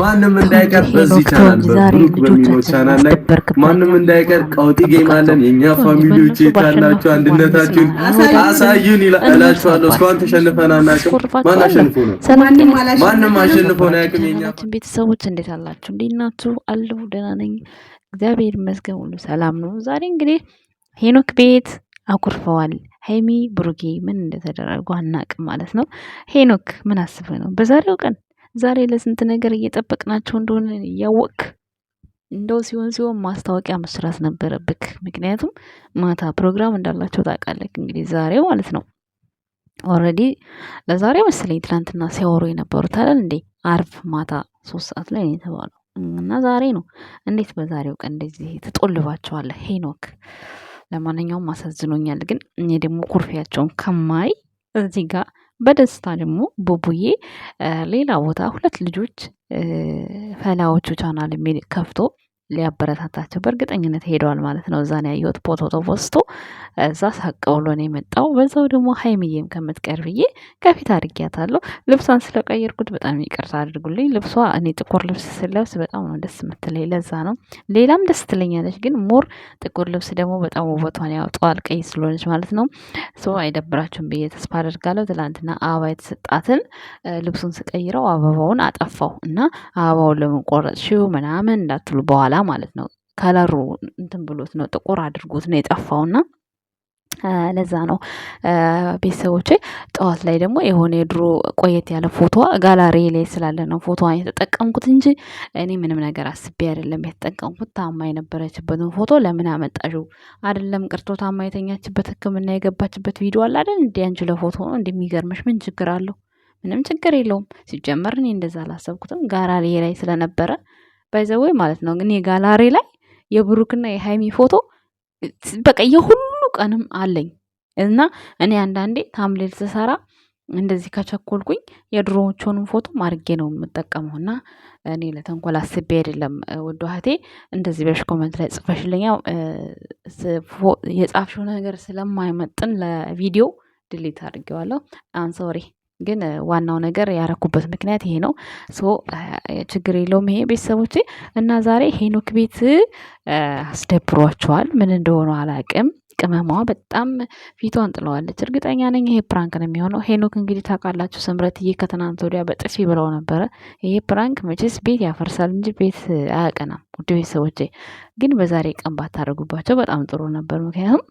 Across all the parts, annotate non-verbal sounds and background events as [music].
ማንም እንዳይቀር በዚህ ቻናል በብሩክ በሚለው ቻናል ላይ ማንም እንዳይቀር ቀውጢ ጌም አለን። የኛ ፋሚሊዎች የታላችሁ አንድነታችሁን አሳዩን እላችኋለሁ። እስካሁን ተሸንፈን አናውቅም። ማን አሸንፎ ነው? ማንም አሸንፎ ነው ያቅም። የኛ ቤተሰቦች እንዴት አላችሁ? እንዴት ናችሁ? አለሁ ደህና ነኝ፣ እግዚአብሔር ይመስገን፣ ሁሉ ሰላም ነው። ዛሬ እንግዲህ ሄኖክ ቤት አኩርፈዋል። ሀይሚ ብሩጌ ምን እንደተደረጉ አናውቅም ማለት ነው። ሄኖክ ምን አስበህ ነው በዛሬው ቀን ዛሬ ለስንት ነገር እየጠበቅናቸው እንደሆነ እያወቅ እንደው ሲሆን ሲሆን ማስታወቂያ መስራት ነበረብክ። ምክንያቱም ማታ ፕሮግራም እንዳላቸው ታውቃለህ። እንግዲህ ዛሬ ማለት ነው ኦልሬዲ ለዛሬ መሰለኝ ትናንትና ሲያወሩ የነበሩት አይደል እንዴ? አርብ ማታ ሶስት ሰዓት ላይ የተባለው እና ዛሬ ነው። እንዴት በዛሬው ቀን እንደዚህ ተጦልባቸዋለህ ሄኖክ? ለማንኛውም አሳዝኖኛል። ግን እኔ ደግሞ ኩርፊያቸውን ከማይ እዚህ ጋር በደስታ ደግሞ ቡቡዬ ሌላ ቦታ ሁለት ልጆች ፈላዎቹ ቻናል የሚል ከፍቶ ሊያበረታታቸው በእርግጠኝነት ሄደዋል ማለት ነው። እዛ ያየሁት ፖቶቶ ተፖስቶ እዛ ሳቅ ብሎ ነው የመጣው። በዛው ደግሞ ሀይምዬም ከምትቀር ብዬ ከፊት አድርጊያታለሁ። ልብሷን ስለቀየርኩት በጣም ይቅርታ አድርጉልኝ። ልብሷ እኔ ጥቁር ልብስ ስለብስ በጣም ነው ደስ የምትለኝ፣ ለዛ ነው። ሌላም ደስ ትለኛለች፣ ግን ሞር ጥቁር ልብስ ደግሞ በጣም ውበቷን ያውጠዋል፣ ቀይ ስለሆነች ማለት ነው። ሰው አይደብራችሁም ብዬ ተስፋ አደርጋለሁ። ትላንትና አበባ የተሰጣትን ልብሱን ስቀይረው አበባውን አጠፋው እና አበባውን ለምን ቆረጥሽው ምናምን እንዳትሉ በኋላ ማለት ነው። ከለሩ እንትን ብሎት ነው ጥቁር አድርጎት ነው የጠፋውና ለዛ ነው ቤተሰቦች ጠዋት ላይ ደግሞ የሆነ የድሮ ቆየት ያለ ፎቶዋ ጋላሪ ላይ ስላለ ነው ፎቶዋን የተጠቀምኩት እንጂ እኔ ምንም ነገር አስቤ አይደለም የተጠቀምኩት። ታማ የነበረችበትን ፎቶ ለምን አመጣሽው? አይደለም ቅርቶ ታማ የተኛችበት ሕክምና የገባችበት ቪዲዮ አለ አይደል? እንዲ አንቺ ለፎቶ ነው እንደሚገርመሽ ምን ችግር አለው? ምንም ችግር የለውም። ሲጀመር እኔ እንደዛ አላሰብኩትም። ጋላሪ ላይ ስለነበረ ባይዘወይ ማለት ነው። ግን የጋላሪ ላይ የብሩክና የሃይሚ ፎቶ በቃ የሁሉ ቀንም አለኝ እና እኔ አንዳንዴ ታምሌል ስሰራ እንደዚህ ከቸኮልኩኝ የድሮዎቹንም ፎቶ ማርጌ ነው የምጠቀመው እና እኔ ለተንኮል አስቤ አይደለም። ወደ ሀቴ እንደዚህ በሽ ኮመንት ላይ ጽፈሽልኛ የጻፍሽው ነገር ስለማይመጥን ለቪዲዮ ድሊት አድርጌዋለሁ። አንሶሬ ግን ዋናው ነገር ያረኩበት ምክንያት ይሄ ነው። ሶ ችግር የለውም ይሄ ቤተሰቦቼ። እና ዛሬ ሄኖክ ቤት አስደብሯቸዋል። ምን እንደሆነ አላቅም። ቅመሟ በጣም ፊቷን ጥለዋለች። እርግጠኛ ነኝ ይሄ ፕራንክ ነው የሚሆነው። ሄኖክ እንግዲህ ታውቃላችሁ፣ ስምረትዬ ከትናንት ወዲያ በጥፊ ብለው ነበረ። ይሄ ፕራንክ መቼስ ቤት ያፈርሳል እንጂ ቤት አያቀናም። ውድ ቤተሰቦቼ ግን በዛሬ ቀን ባታደርጉባቸው በጣም ጥሩ ነበር። ምክንያቱም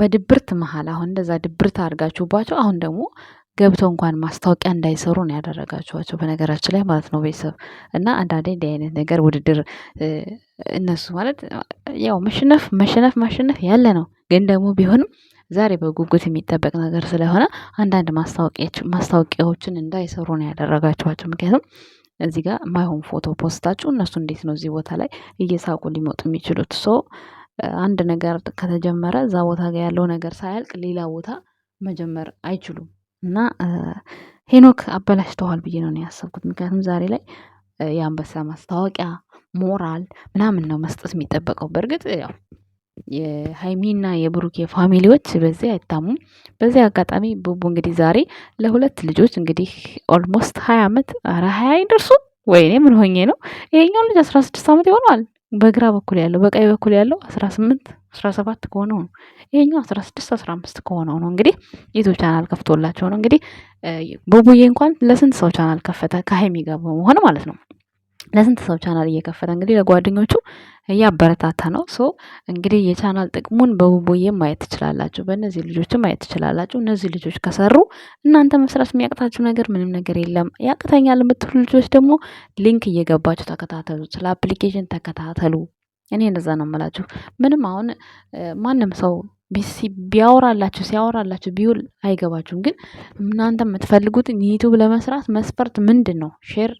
በድብርት መሀል አሁን እንደዛ ድብርት አድርጋችሁባቸው አሁን ደግሞ ገብተው እንኳን ማስታወቂያ እንዳይሰሩ ነው ያደረጋችኋቸው በነገራችን ላይ ማለት ነው ቤተሰብ እና አንዳንዴ እንዲህ አይነት ነገር ውድድር እነሱ ማለት ያው መሸነፍ መሸነፍ ማሸነፍ ያለ ነው። ግን ደግሞ ቢሆንም ዛሬ በጉጉት የሚጠበቅ ነገር ስለሆነ አንዳንድ ማስታወቂያዎችን እንዳይሰሩ ነው ያደረጋችኋቸው። ምክንያቱም እዚህ ጋር ማይሆን ፎቶ ፖስታችሁ እነሱ እንዴት ነው እዚህ ቦታ ላይ እየሳቁ ሊመጡ የሚችሉት? ሶ አንድ ነገር ከተጀመረ እዛ ቦታ ጋር ያለው ነገር ሳያልቅ ሌላ ቦታ መጀመር አይችሉም። እና ሄኖክ አበላሽተዋል ብዬ ነው ያሰብኩት። ምክንያቱም ዛሬ ላይ የአንበሳ ማስታወቂያ ሞራል ምናምን ነው መስጠት የሚጠበቀው። በእርግጥ ያው የሀይሚና የብሩኬ ፋሚሊዎች በዚህ አይታሙም። በዚህ አጋጣሚ ቡቡ እንግዲህ ዛሬ ለሁለት ልጆች እንግዲህ ኦልሞስት ሀያ ዓመት ኧረ ሀያ ወይኔ ምን ሆኜ ነው? ይሄኛው ልጅ አስራ ስድስት ዓመት ይሆነዋል። በግራ በኩል ያለው በቀኝ በኩል ያለው አስራ ስምንት አስራ ሰባት ከሆነው ነው ይሄኛው አስራ ስድስት አስራ አምስት ከሆነው ነው እንግዲህ ዩቱብ ቻናል ከፍቶላቸው ነው እንግዲህ ቡቡዬ እንኳን ለስንት ሰው ቻናል ከፈተ ከሀይሚ ጋር በመሆን ማለት ነው ለስንት ሰው ቻናል እየከፈተ እንግዲህ ለጓደኞቹ እያበረታታ ነው። ሶ እንግዲህ የቻናል ጥቅሙን በቡቡዬ ማየት ትችላላችሁ፣ በእነዚህ ልጆች ማየት ትችላላችሁ። እነዚህ ልጆች ከሰሩ እናንተ መስራት የሚያቅታችሁ ነገር ምንም ነገር የለም። ያቅተኛል የምትሉ ልጆች ደግሞ ሊንክ እየገባችሁ ተከታተሉ፣ ስለ አፕሊኬሽን ተከታተሉ። እኔ እንደዛ ነው የምላችሁ። ምንም አሁን ማንም ሰው ቢያወራላችሁ ሲያወራላችሁ ቢውል አይገባችሁም። ግን እናንተ የምትፈልጉት ዩቱብ ለመስራት መስፈርት ምንድን ነው? ሼር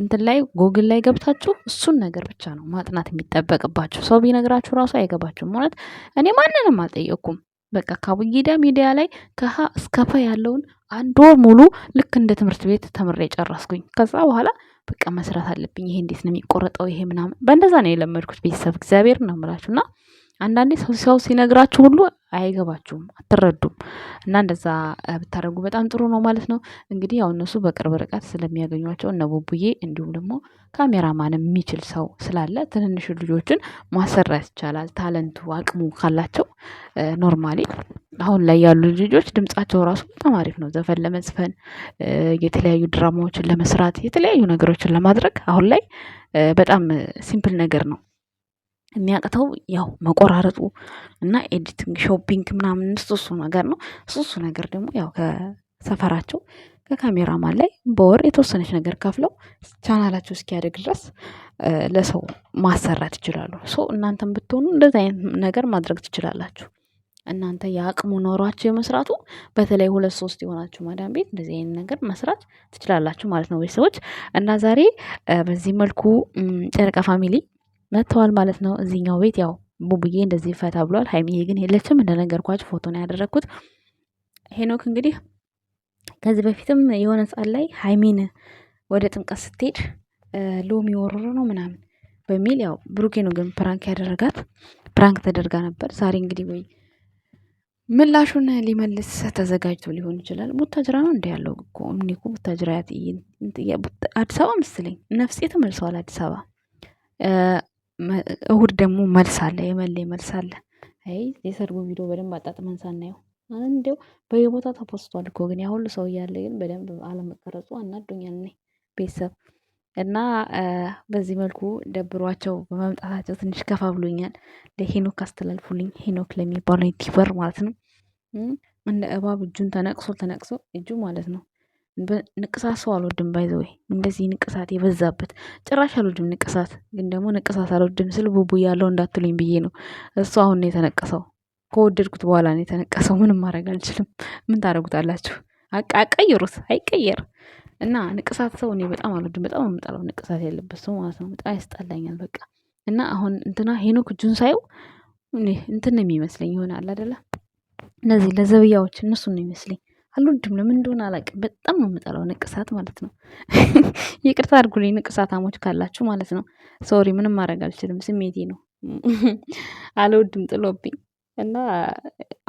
እንትን ላይ ጎግል ላይ ገብታችሁ እሱን ነገር ብቻ ነው ማጥናት የሚጠበቅባችሁ። ሰው ቢነግራችሁ ራሱ አይገባችሁም። ማለት እኔ ማንንም አልጠየቅኩም። በቃ ካቡጊዳ ሚዲያ ላይ ከሀ እስከ ያለውን አንድ ወር ሙሉ ልክ እንደ ትምህርት ቤት ተምሬ ጨረስኩኝ። ከዛ በኋላ በቃ መስራት አለብኝ። ይሄ እንዴት ነው የሚቆረጠው? ይሄ ምናምን በእንደዛ ነው የለመድኩት። ቤተሰብ እግዚአብሔር ነው የምላችሁ እና አንዳንዴ ሰው ሰው ሲነግራችሁ ሁሉ አይገባችሁም አትረዱም እና እንደዛ ብታደርጉ በጣም ጥሩ ነው ማለት ነው። እንግዲህ ያው እነሱ በቅርብ ርቀት ስለሚያገኟቸው እነ ቡቡዬ እንዲሁም ደግሞ ካሜራማን የሚችል ሰው ስላለ ትንንሽ ልጆችን ማሰራት ይቻላል። ታለንቱ አቅሙ ካላቸው ኖርማሊ አሁን ላይ ያሉ ልጆች ድምፃቸው ራሱ በጣም አሪፍ ነው። ዘፈን ለመዝፈን የተለያዩ ድራማዎችን ለመስራት የተለያዩ ነገሮችን ለማድረግ አሁን ላይ በጣም ሲምፕል ነገር ነው የሚያቅተው ያው መቆራረጡ እና ኤዲቲንግ ሾፒንግ ምናምን እሱ ነገር ነው። እሱ ነገር ደግሞ ያው ከሰፈራቸው ከካሜራማን ላይ በወር የተወሰነች ነገር ከፍለው ቻናላቸው እስኪያደግ ድረስ ለሰው ማሰራት ይችላሉ። ሶ እናንተም ብትሆኑ እንደዚህ አይነት ነገር ማድረግ ትችላላችሁ። እናንተ የአቅሙ ኖሯችሁ የመስራቱ በተለይ ሁለት ሶስት የሆናችሁ ማዳም ቤት እንደዚህ አይነት ነገር መስራት ትችላላችሁ ማለት ነው ቤተሰቦች። እና ዛሬ በዚህ መልኩ ጨረቃ ፋሚሊ መጥተዋል ማለት ነው። እዚህኛው ቤት ያው ቡቡዬ እንደዚህ ፈታ ብሏል። ሀይሚዬ ግን የለችም። እንደነገርኳችሁ ፎቶ ነው ያደረግኩት። ሄኖክ እንግዲህ ከዚህ በፊትም የሆነ ሰዓት ላይ ሀይሚን ወደ ጥምቀት ስትሄድ ሎሚ ወርሮ ነው ምናምን በሚል ያው ብሩኬ ነው ግን ፕራንክ ያደረጋት ፕራንክ ተደርጋ ነበር። ዛሬ እንግዲህ ወይ ምላሹን ሊመልስ ተዘጋጅቶ ሊሆን ይችላል። ቡታጅራ ነው እንዲ ያለው እኮ እምኒኩ ቡታጅራ አዲስ አበባ ምስለኝ ነፍሴ ተመልሰዋል አዲስ አበባ እሁድ ደግሞ መልስ አለ የመሌ መልስ አለ። አይ የሰርጉ ቪዲዮ በደንብ አጣጥመን ሳናየው እንደው በየቦታው ተፖስቷል እኮ ግን ያ ሁሉ ሰው እያለ ግን በደንብ አለመቀረጹ አናዶኛል። እኔ ቤተሰብ እና በዚህ መልኩ ደብሯቸው በመምጣታቸው ትንሽ ከፋ ብሎኛል። ለሄኖክ አስተላልፉልኝ ሄኖክ ለሚባለው ዩቲዩበር ማለት ነው። እንደ እባብ እጁን ተነቅሶ ተነቅሶ እጁ ማለት ነው ንቅሳት ሰው አልወድም። ወይ እንደዚህ ንቅሳት የበዛበት ጭራሽ አልወድም። ንቅሳት ግን ደግሞ ንቅሳት አልወድም ስል ቡቡ ያለው እንዳትሉኝ ብዬ ነው። እሱ አሁን ነው የተነቀሰው። ከወደድኩት በኋላ ነው የተነቀሰው። ምንም ማድረግ አልችልም። ምን ታደርጉታላችሁ? አቀይሩት፣ አይቀየር እና ንቅሳት ሰው እኔ በጣም አልወድም። በጣም የምጠላው ንቅሳት ያለበት ሰው ማለት ነው። በጣም ያስጠላኛል። በቃ እና አሁን እንትና ሄኖክ እጁን ሳየው እንትን ነው የሚመስለኝ ይሆናል አደለ? እነዚህ ለዘብያዎች እነሱን ነው ይመስለኝ አልወድም። ለምን እንደሆነ አላውቅም። በጣም ነው የምጠላው ንቅሳት ማለት ነው። [laughs] ይቅርታ አድርጉልኝ ንቅሳታሞች ካላችሁ ማለት ነው። ሶሪ፣ ምንም ማድረግ አልችልም። ስሜቴ ነው። [laughs] አልወድም ጥሎብኝ እና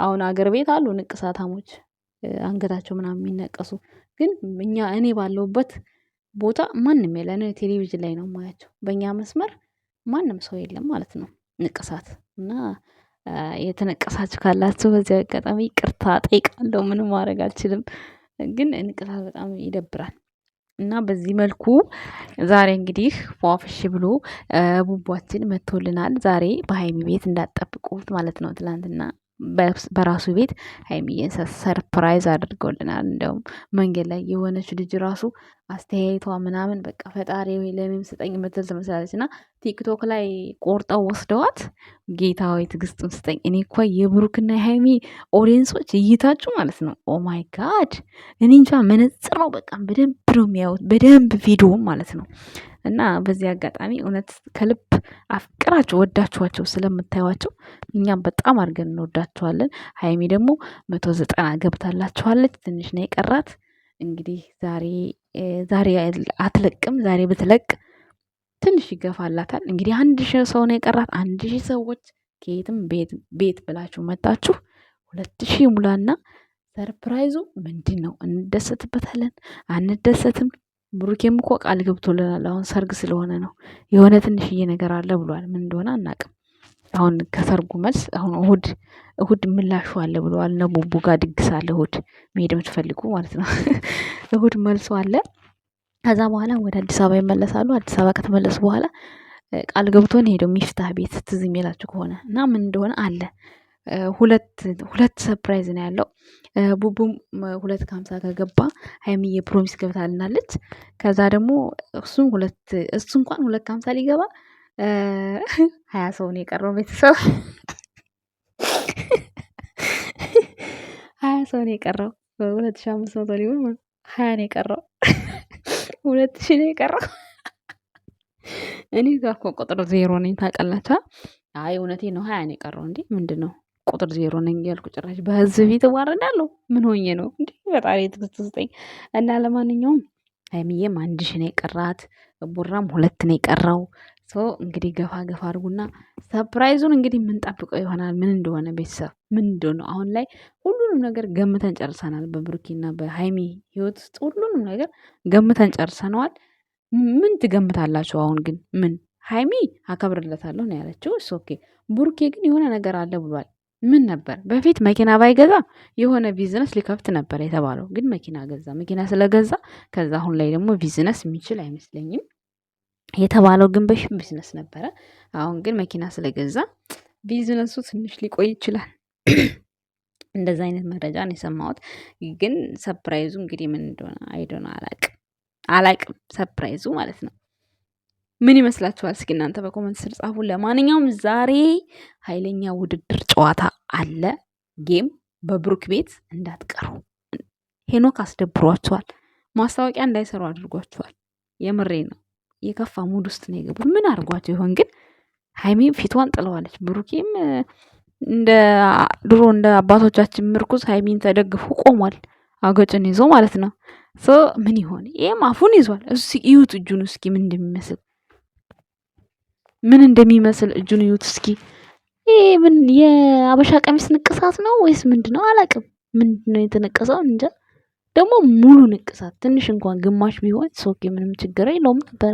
አሁን አገር ቤት አሉ ንቅሳታሞች አንገታቸው ምናምን የሚነቀሱ ግን እኛ እኔ ባለውበት ቦታ ማንም የለ። ቴሌቪዥን ላይ ነው ማያቸው? በእኛ መስመር ማንም ሰው የለም ማለት ነው ንቅሳት እና የተነቀሳችሁ ካላችሁ በዚህ አጋጣሚ ቅርታ ጠይቃለሁ። ምንም ማድረግ አልችልም፣ ግን ንቅሳት በጣም ይደብራል። እና በዚህ መልኩ ዛሬ እንግዲህ ፏፍሽ ብሎ ቡቧችን መጥቶልናል። ዛሬ በሀይሚ ቤት እንዳጠብቁት ማለት ነው። ትላንትና በራሱ ቤት ሀይሚዬን ሰርፕራይዝ አድርጎልናል። እንደውም መንገድ ላይ የሆነች ልጅ ራሱ አስተያየቷ ምናምን በቃ ፈጣሪ ወይ ስጠኝ የምትል ትመስላለች እና ቲክቶክ ላይ ቆርጠው ወስደዋት ጌታዊ ወይ ትዕግስቱን ስጠኝ። እኔ እኳ የብሩክና የሀይሚ ኦዲየንሶች እይታችሁ ማለት ነው። ኦ ማይ ጋድ እኔ እንጃ መነጽር ነው በቃ በደንብ ነው የሚያዩት በደንብ ቪዲዮ ማለት ነው። እና በዚህ አጋጣሚ እውነት ከልብ አፍቅራችሁ ወዳችኋቸው ስለምታዩቸው እኛም በጣም አድርገን እንወዳችኋለን። ሀይሚ ደግሞ መቶ ዘጠና ገብታላችኋለች። ትንሽ ነው የቀራት እንግዲህ ዛሬ ዛሬ አትለቅም። ዛሬ ብትለቅ ትንሽ ይገፋላታል። እንግዲህ አንድ ሺህ ሰው ነው የቀራት። አንድ ሺህ ሰዎች ከየትም ቤት ብላችሁ መጣችሁ። ሁለት ሺህ ሙላና ሰርፕራይዙ ምንድን ነው? እንደሰትበታለን አንደሰትም? ብሩኬም እኮ ቃል ገብቶልናል። አሁን ሰርግ ስለሆነ ነው የሆነ ትንሽዬ ነገር አለ ብሏል። ምን እንደሆነ አናቅም። አሁን ከሰርጉ መልስ አሁን እሁድ እሁድ ምላሹ አለ ብለዋል። እነ ቡቡ ጋር ድግስ አለ እሁድ መሄድ የምትፈልጉ ማለት ነው። [laughs] እሁድ መልሶ አለ። ከዛ በኋላ ወደ አዲስ አበባ ይመለሳሉ። አዲስ አበባ ከተመለሱ በኋላ ቃል ገብቶን ሄደው ሚፍታህ ቤት ትዝ የሚላችሁ ከሆነ እና ምን እንደሆነ አለ ሁለት ሁለት ሰርፕራይዝ ነው ያለው። ቡቡም ሁለት ከሀምሳ ከገባ ሀይሚዬ ፕሮሚስ ገብታልናለች። ከዛ ደግሞ እሱም ሁለት እሱ እንኳን ሁለት ከሀምሳ ሊገባ ሀያ ሰው ነው የቀረው ቤተሰብ ሀያ ሰው ነው የቀረው። ሁለት ሺ አምስት መቶ ሊሆን ሀያ ነው የቀረው። ሁለት ሺ ነው የቀረው። እኔ ጋር እኮ ቁጥር ዜሮ ነኝ ታውቃላችሁ። አይ እውነቴ ነው። ሀያ ነው የቀረው። እንዴ ምንድን ነው? ቁጥር ዜሮ ነኝ እያልኩ ጭራሽ በህዝብ ፊት እዋረዳለሁ። ምን ሆኜ ነው እንዴ? በጣም የትግስት ስጠኝ እና ለማንኛውም ሀይሚዬም አንድ ሽ ነው የቀራት፣ ቡራም ሁለት ነው የቀራው። ሰው እንግዲህ ገፋ ገፋ አድርጉና ሰፕራይዙን እንግዲህ የምንጠብቀው ይሆናል። ምን እንደሆነ ቤተሰብ ምን እንደሆነ አሁን ላይ ሁሉንም ነገር ገምተን ጨርሰናል። በብሩኪና በሀይሚ ህይወት ውስጥ ሁሉንም ነገር ገምተን ጨርሰነዋል። ምን ትገምታላችሁ? አሁን ግን ምን ሀይሚ አከብርለታለሁ ነው ያለችው። ኦኬ ቡርኬ ግን የሆነ ነገር አለ ብሏል። ምን ነበር በፊት መኪና ባይገዛ የሆነ ቢዝነስ ሊከፍት ነበር የተባለው፣ ግን መኪና ገዛ። መኪና ስለገዛ ከዛ አሁን ላይ ደግሞ ቢዝነስ የሚችል አይመስለኝም። የተባለው ግን በሽም ቢዝነስ ነበረ። አሁን ግን መኪና ስለገዛ ቢዝነሱ ትንሽ ሊቆይ ይችላል። እንደዛ አይነት መረጃ ነው የሰማሁት። ግን ሰፕራይዙ እንግዲህ ምን እንደሆነ አይዶነ አላቅም አላቅም ሰፕራይዙ ማለት ነው። ምን ይመስላችኋል? እስኪ እናንተ በኮመንት ስር ጻፉ። ለማንኛውም ዛሬ ኃይለኛ ውድድር ጨዋታ አለ ጌም በብሩክ ቤት እንዳትቀሩ። ሄኖክ አስደብሯቸዋል። ማስታወቂያ እንዳይሰሩ አድርጓቸዋል። የምሬ ነው። የከፋ ሙድ ውስጥ ነው የገቡት። ምን አድርጓቸው ይሆን ግን? ሀይሜም ፊቷን ጥለዋለች። ብሩኬም እንደ ድሮ እንደ አባቶቻችን ምርኩዝ ሀይሜን ተደግፎ ቆሟል። አገጭን ይዞ ማለት ነው። ምን ይሆን ይህም አፉን ይዟል። እዩት እጁን እስኪ ምን እንደሚመስል ምን እንደሚመስል እጁን እዩት እስኪ። ይሄ ምን የሀበሻ ቀሚስ ንቅሳት ነው ወይስ ምንድነው? አላቅም? ምንድነው የተነቀሰው እንጃ። ደግሞ ሙሉ ንቅሳት ትንሽ እንኳን ግማሽ ቢሆን ሶኬ ምንም ችግር የለውም ነበረ።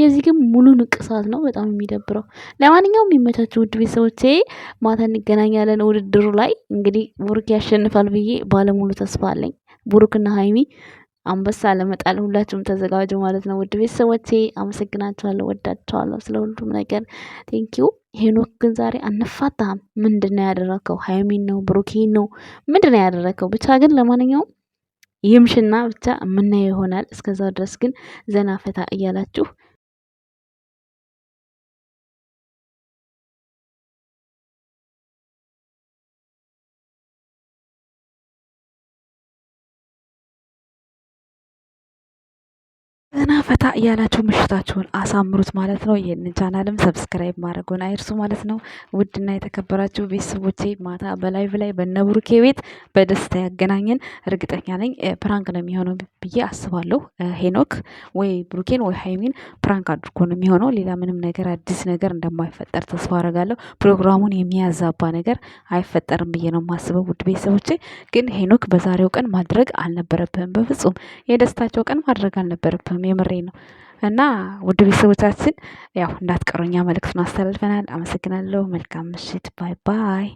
የዚህ ግን ሙሉ ንቅሳት ነው። በጣም የሚደብረው። ለማንኛውም የሚመቻቸው ውድ ቤተሰቦቼ ማታ እንገናኛለን። ውድድሩ ላይ እንግዲህ ቡሩክ ያሸንፋል ብዬ ባለሙሉ ተስፋ አለኝ። ቡሩክና ሀይሚ አንበሳ ለመጣል ሁላችሁም ተዘጋጁ ማለት ነው። ውድ ቤተሰቦቼ አመሰግናችኋለሁ፣ ወዳችኋለሁ። ስለ ሁሉም ነገር ቴንኪው። ሄኖክ ግን ዛሬ አንፋታም። ምንድን ነው ያደረከው? ሀይሚን ነው ብሩኬን ነው ምንድን ነው ያደረከው? ብቻ ግን ለማንኛውም ይምሽና ብቻ የምናየው ይሆናል። እስከዛው ድረስ ግን ዘና ፈታ እያላችሁ ዘና ፈታ እያላችሁ ምሽታችሁን አሳምሩት ማለት ነው። ይህን ቻናልም ሰብስክራይብ ማድረጉን አይርሱ ማለት ነው። ውድና የተከበራችሁ ቤተሰቦቼ ማታ በላይቭ ላይ በነብሩኬ ቤት በደስታ ያገናኘን። እርግጠኛ ነኝ ፕራንክ ነው የሚሆነው ብዬ አስባለሁ። ሄኖክ ወይ ብሩኬን ወይ ሀይሚን ፕራንክ አድርጎ ነው የሚሆነው። ሌላ ምንም ነገር አዲስ ነገር እንደማይፈጠር ተስፋ አረጋለሁ። ፕሮግራሙን የሚያዛባ ነገር አይፈጠርም ብዬ ነው የማስበው። ውድ ቤተሰቦቼ ግን ሄኖክ በዛሬው ቀን ማድረግ አልነበረብህም። በፍጹም የደስታቸው ቀን ማድረግ አልነበረብህም። የምሬ ነው። እና ውድ ቤተሰቦቻችን ያው እንዳትቀሩኛ መልእክቱን አስተላልፈናል። አመሰግናለሁ። መልካም ምሽት። ባይ ባይ